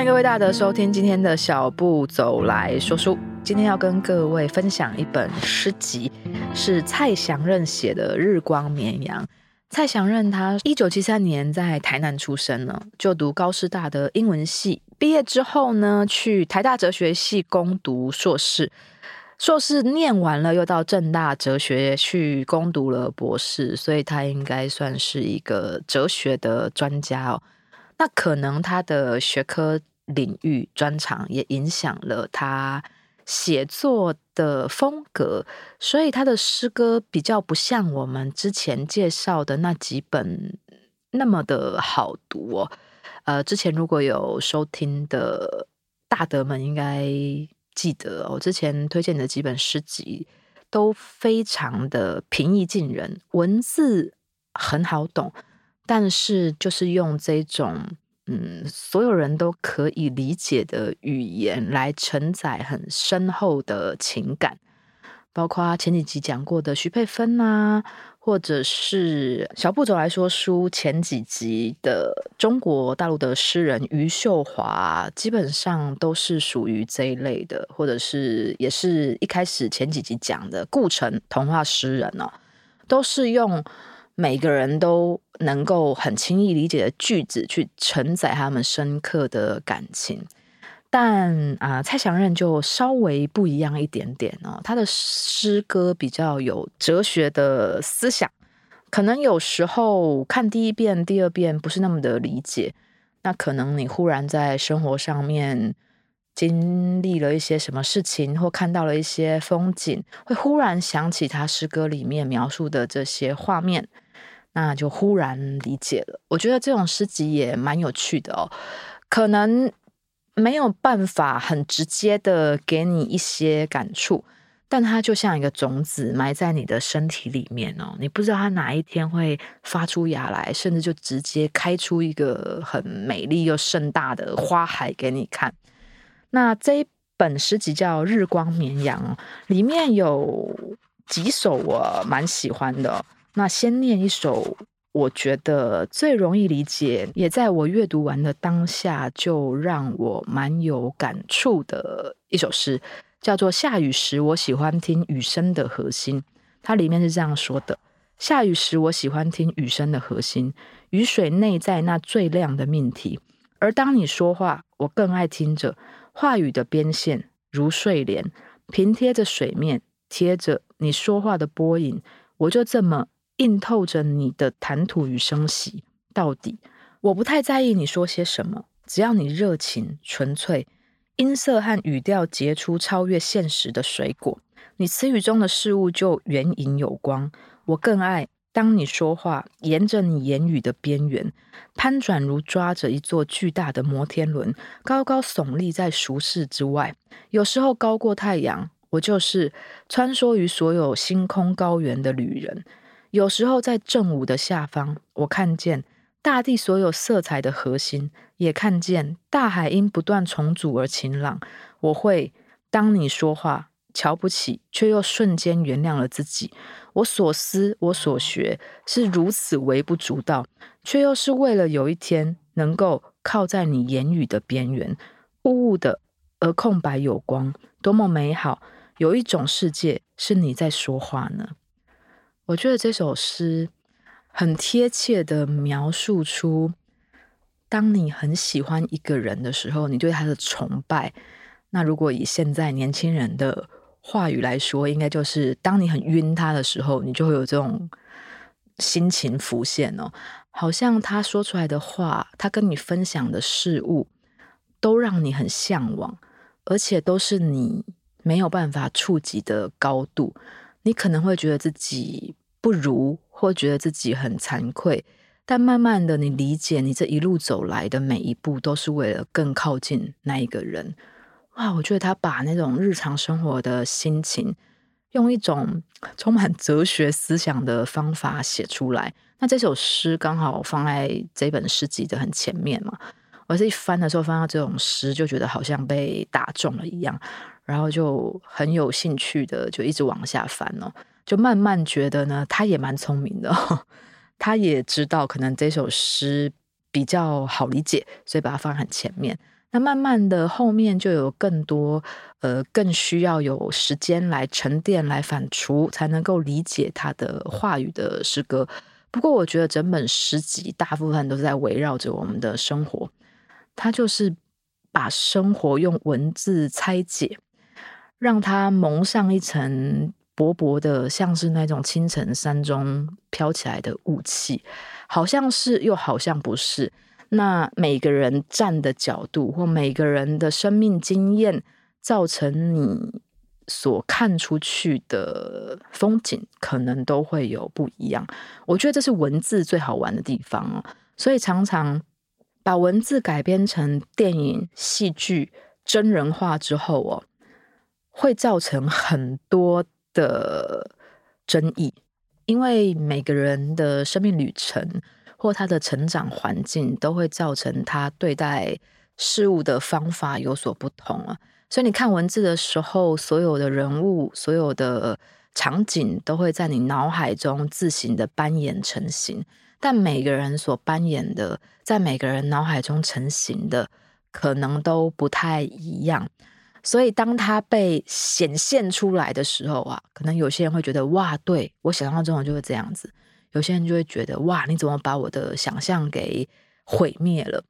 歡迎各位大德收聽今天的小步走來說書，今天要跟各位分享一本詩集，是蔡翔任寫的《日光綿羊》。蔡翔任他一九七三年在台南出生呢，就讀高師大的英文系，畢業之後呢，去台大哲學系攻讀碩士，碩士念完了又到政大哲學去攻讀了博士，所以他應該算是一個哲學的專家哦。那可能他的學科。領域專長也影響了他寫作的風格，所以他的詩歌比較不像我們之前介紹的那幾本那麼的好讀哦。呃，之前如果有收聽的大德們應該記得，我之前推薦的幾本詩集都非常的平易近人，文字很好懂，但是就是用這種。嗯，所有人都可以理解的語言來承載很深厚的情感，包括前幾集講過的徐佩芬啊，或者是小步驟來說書前幾集的中國大陸的詩人余秀華，基本上都是屬於這一類的，或者是也是一開始前幾集講的顧城童話詩人哦，都是用。每個人都能夠很輕易理解的句子去承載他們深刻的感情，但啊、呃，蔡翔任就稍微不一樣一點點啊，他的詩歌比較有哲學的思想，可能有時候看第一遍、第二遍不是那麼的理解。那可能你忽然在生活上面經歷了一些什麼事情，或看到了一些風景，會忽然想起他詩歌裡面描述的這些畫面。那就忽然理解了。我覺得這種詩集也蠻有趣的哦，可能沒有辦法很直接的給你一些感觸，但它就像一個種子埋在你的身體裡面哦，你不知道它哪一天會發出芽來，甚至就直接開出一個很美麗又盛大的花海給你看。那這一本詩集叫《日光綿羊》哦，裡面有幾首我蠻喜歡的哦。那先念一首，我覺得最容易理解，也在我閱讀完的當下就讓我蠻有感觸的一首詩，叫做《下雨時我喜歡聽雨聲的核心》。它裡面是這樣說的：“下雨時我喜歡聽雨聲的核心，雨水內在那最亮的命題。而當你說話，我更愛聽着話語的邊線，如睡蓮平貼着水面，貼着你說話的波影，我就這麼。”映透着你的談吐與生息。到底，我不太在意你說些什麼，只要你熱情、純粹，音色和語調結出超越現實的水果。你詞語中的事物就原影有光。我更愛當你說話，沿着你言語的邊緣攀轉，如抓着一座巨大的摩天輪，高高聳立在俗世之外，有時候高過太陽。我就是穿梭於所有星空高原的旅人。有時候在正午的下方，我看見大地所有色彩的核心，也看見大海因不斷重組而晴朗。我會當你說話，瞧不起，卻又瞬間原諒了自己。我所思，我所學，是如此微不足道，卻又是為了有一天能夠靠在你言語的邊緣，霧霧的，而空白有光，多麼美好！有一種世界是你在說話呢。我覺得這首詩很貼切的描述出，當你很喜歡一個人的時候，你對他的崇拜。那如果以現在年輕人的話語來說，應該就是當你很暈他的時候，你就會有這種心情浮現哦，好像他說出來的話，他跟你分享的事物，都讓你很嚮往，而且都是你沒有辦法觸及的高度，你可能會覺得自己。不如或覺得自己很慚愧，但慢慢的你理解，你這一路走來的每一步都是為了更靠近那一個人。哇，我覺得他把那種日常生活的心情，用一種充滿哲學思想的方法寫出來。那這首詩剛好放在這本詩集的很前面嘛，我是一翻的時候翻到這種詩，就覺得好像被打中了一樣，然後就很有興趣的就一直往下翻哦。就慢慢覺得呢，他也蠻聰明的哦，他也知道可能這首詩比較好理解，所以把它放很前面。那慢慢的後面就有更多呃，更需要有時間來沉澱、來反芻，才能夠理解他的話語的詩歌。不過我覺得整本詩集大部分都是在圍繞着我們的生活，他就是把生活用文字拆解，讓它蒙上一層。薄薄的，像是那種清晨山中飄起來的霧氣，好像是又好像不是。那每個人站的角度，或每個人的生命經驗，造成你所看出去的風景，可能都會有不一樣。我覺得這是文字最好玩的地方哦。所以常常把文字改編成電影、戲劇、真人化之後哦，會造成很多。的爭議，因為每個人的生命旅程，或他的成長環境都會造成他對待事物的方法有所不同啊。所以你看文字的時候，所有的人物、所有的場景都會在你腦海中自行的扮演成型，但每個人所扮演的，在每個人腦海中成型的，可能都不太一樣。所以，當他被顯現出來的時候啊，可能有些人會覺得哇，對我想象中的就會這樣子；有些人就會覺得哇，你怎麼把我的想象給毀滅了？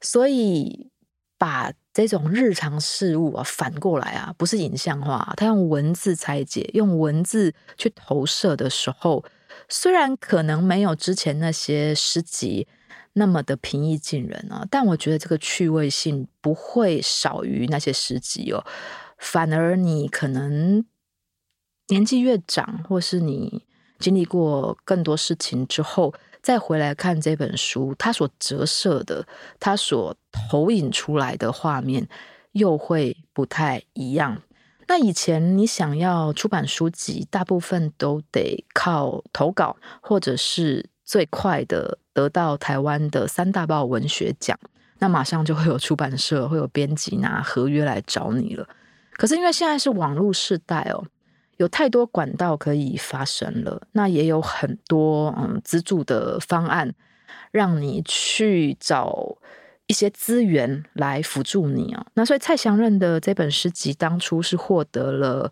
所以，把這種日常事物啊，反過來啊，不是影像化，他用文字拆解，用文字去投射的時候，雖然可能沒有之前那些詩集。那麼的平易近人啊，但我覺得這個趣味性不會少於那些詩集哦，反而你可能年紀越長，或是你經歷過更多事情之後，再回來看這本書，它所折射的、它所投影出來的畫面又會不太一樣。那以前你想要出版書籍，大部分都得靠投稿，或者是最快的。得到台灣的三大報文學獎，那馬上就會有出版社會有編輯拿合約來找你了。可是因為現在是網絡時代哦，有太多管道可以發生了，那也有很多嗯資助的方案，讓你去找一些資源來輔助你哦。那所以蔡翔任的這本詩集當初是獲得了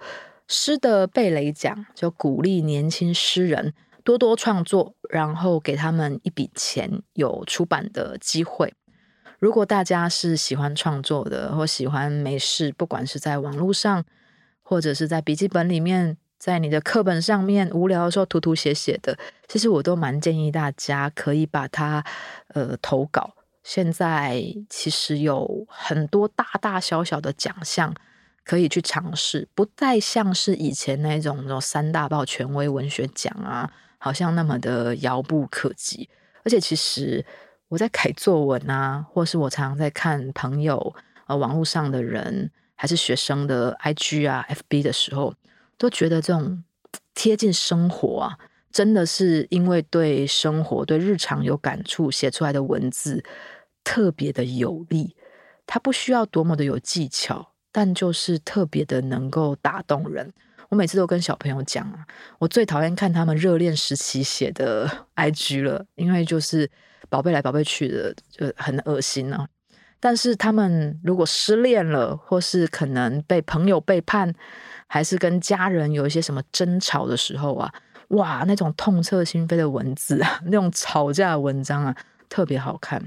詩的貝雷獎，就鼓勵年輕詩人。多多創作，然後給他們一筆錢，有出版的機會。如果大家是喜歡創作的，或喜歡沒事，不管是在網絡上，或者是在筆記本裡面，在你的課本上面無聊的時候塗塗寫寫的，其實我都蠻建議大家可以把它呃投稿。現在其實有很多大大小小的獎項可以去嘗試，不再像是以前那種三大報權威文學獎啊，好像那麼的遙不可及，而且其實我在改作文啊，或是我常常在看朋友啊、呃，網絡上的人，還是學生的 IG 啊 FB 的時候，都覺得這種貼近生活啊，真的是因為對生活對日常有感觸寫出來的文字特別的有力，它不需要多麼的有技巧，但就是特別的能夠打動人。我每次都跟小朋友講啊，我最討厭看他們熱戀時期寫的 IG 了，因為就是寶貝來寶貝去的，就很噁心啊。但是他們如果失戀了，或是可能被朋友背叛，還是跟家人有一些什麼爭吵的時候啊，哇，那種痛徹心扉的文字啊，那種吵架的文章啊，特別好看。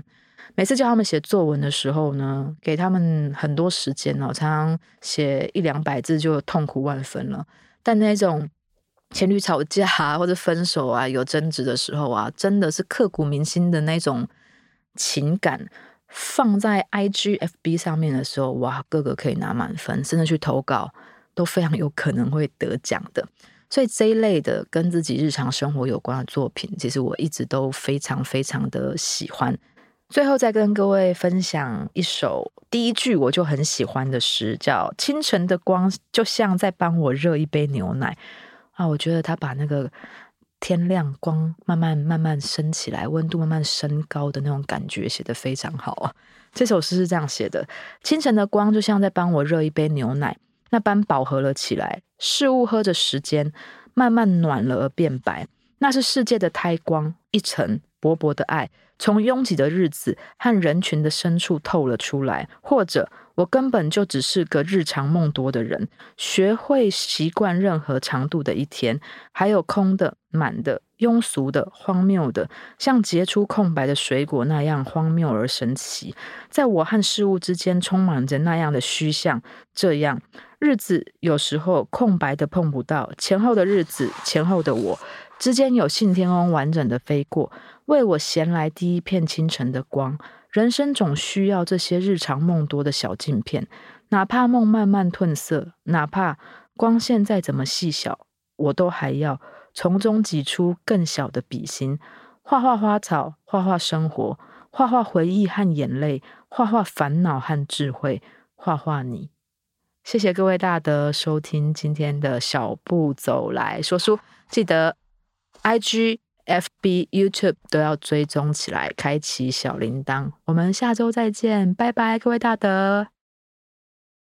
每次叫他們寫作文的時候呢，給他們很多時間呢、哦，常常寫一兩百字就痛苦萬分了。但那種情侶吵架、啊、或者分手啊，有爭執的時候啊，真的是刻骨銘心的那種情感，放在 IGFB 上面的時候，哇，個個可以拿滿分，甚至去投稿都非常有可能會得獎的。所以這一類的跟自己日常生活有關的作品，其實我一直都非常非常的喜歡。最後再跟各位分享一首第一句我就很喜歡的詩，叫《清晨的光》，就像在幫我熱一杯牛奶啊！我覺得他把那個天亮光慢慢慢慢升起來，溫度慢慢升高的那種感覺寫得非常好啊。這首詩是這樣寫的：清晨的光就像在幫我熱一杯牛奶，那般飽和了起來，事物喝着時間慢慢暖了而變白，那是世界的胎光一層。薄薄的愛從擁擠的日子和人群的深處透了出來，或者我根本就只是個日常夢多的人，學會習慣任何長度的一天，還有空的、滿的、庸俗的、荒謬的，像結出空白的水果那樣荒謬而神奇，在我和事物之間充滿着那樣的虛像。這樣日子有時候空白的碰不到前後的日子，前後的我之間有信天翁完整的飛過。為我銜來第一片清晨的光。人生總需要這些日常夢多的小鏡片，哪怕夢慢慢褪色，哪怕光線再怎麼細小，我都還要從中擠出更小的筆芯，畫畫花草，畫畫生活，畫畫回憶和眼淚，畫畫煩惱和智慧，畫畫你。謝謝各位大德收聽今天的小步走來說書，記得 IG。IG FB、YouTube 都要追蹤起來，開啟小鈴鐺。我們下周再見，拜拜，各位大德。